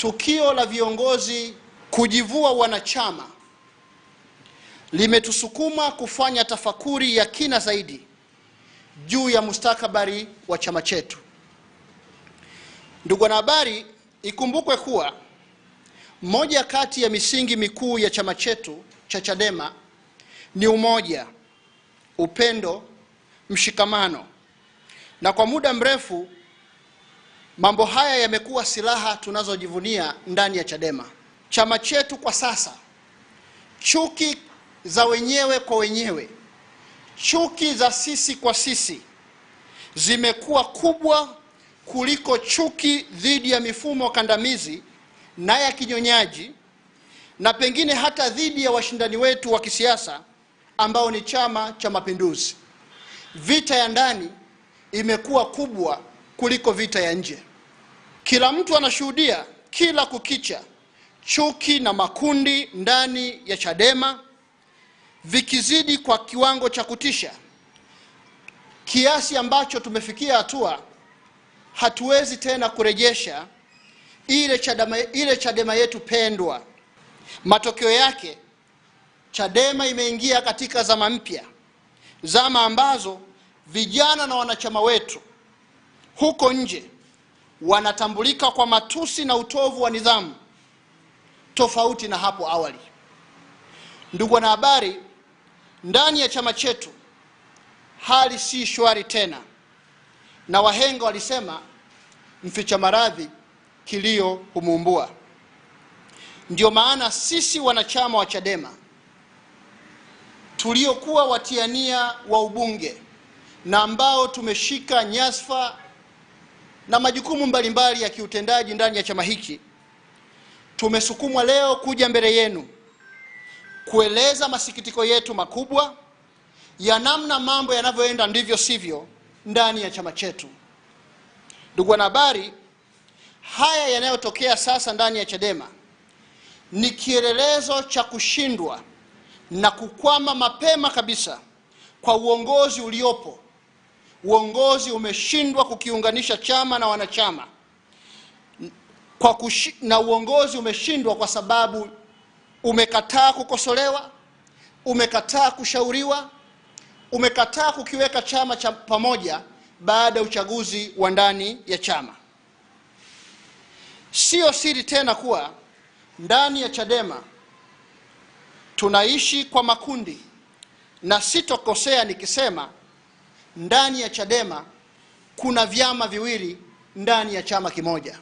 Tukio la viongozi kujivua wanachama limetusukuma kufanya tafakuri ya kina zaidi juu ya mustakabali wa chama chetu. Ndugu wanahabari, ikumbukwe kuwa moja kati ya misingi mikuu ya chama chetu cha Chadema ni umoja, upendo, mshikamano na kwa muda mrefu Mambo haya yamekuwa silaha tunazojivunia ndani ya Chadema. Chama chetu kwa sasa, chuki za wenyewe kwa wenyewe, chuki za sisi kwa sisi zimekuwa kubwa kuliko chuki dhidi ya mifumo kandamizi na ya kinyonyaji na pengine hata dhidi ya washindani wetu wa kisiasa ambao ni Chama cha Mapinduzi. Vita ya ndani imekuwa kubwa kuliko vita ya nje. Kila mtu anashuhudia kila kukicha chuki na makundi ndani ya Chadema vikizidi kwa kiwango cha kutisha kiasi ambacho tumefikia hatua hatuwezi tena kurejesha ile Chadema, ile Chadema yetu pendwa. Matokeo yake Chadema imeingia katika zama mpya, zama ambazo vijana na wanachama wetu huko nje wanatambulika kwa matusi na utovu wa nidhamu, tofauti na hapo awali. Ndugu wanahabari, ndani ya chama chetu hali si shwari tena, na wahenga walisema mficha maradhi kilio humuumbua. ndio maana sisi wanachama wa Chadema tuliokuwa watiania wa ubunge na ambao tumeshika nyasfa na majukumu mbalimbali ya kiutendaji ndani ya chama hiki, tumesukumwa leo kuja mbele yenu kueleza masikitiko yetu makubwa ya namna mambo yanavyoenda ndivyo sivyo ndani ya chama chetu. Ndugu wanahabari, haya yanayotokea sasa ndani ya Chadema ni kielelezo cha kushindwa na kukwama mapema kabisa kwa uongozi uliopo uongozi umeshindwa kukiunganisha chama na wanachama kwa kushi, na uongozi umeshindwa kwa sababu umekataa kukosolewa, umekataa kushauriwa, umekataa kukiweka chama cha pamoja baada ya uchaguzi wa ndani ya chama. Sio siri tena kuwa ndani ya Chadema tunaishi kwa makundi, na sitokosea nikisema ndani ya Chadema kuna vyama viwili ndani ya chama kimoja.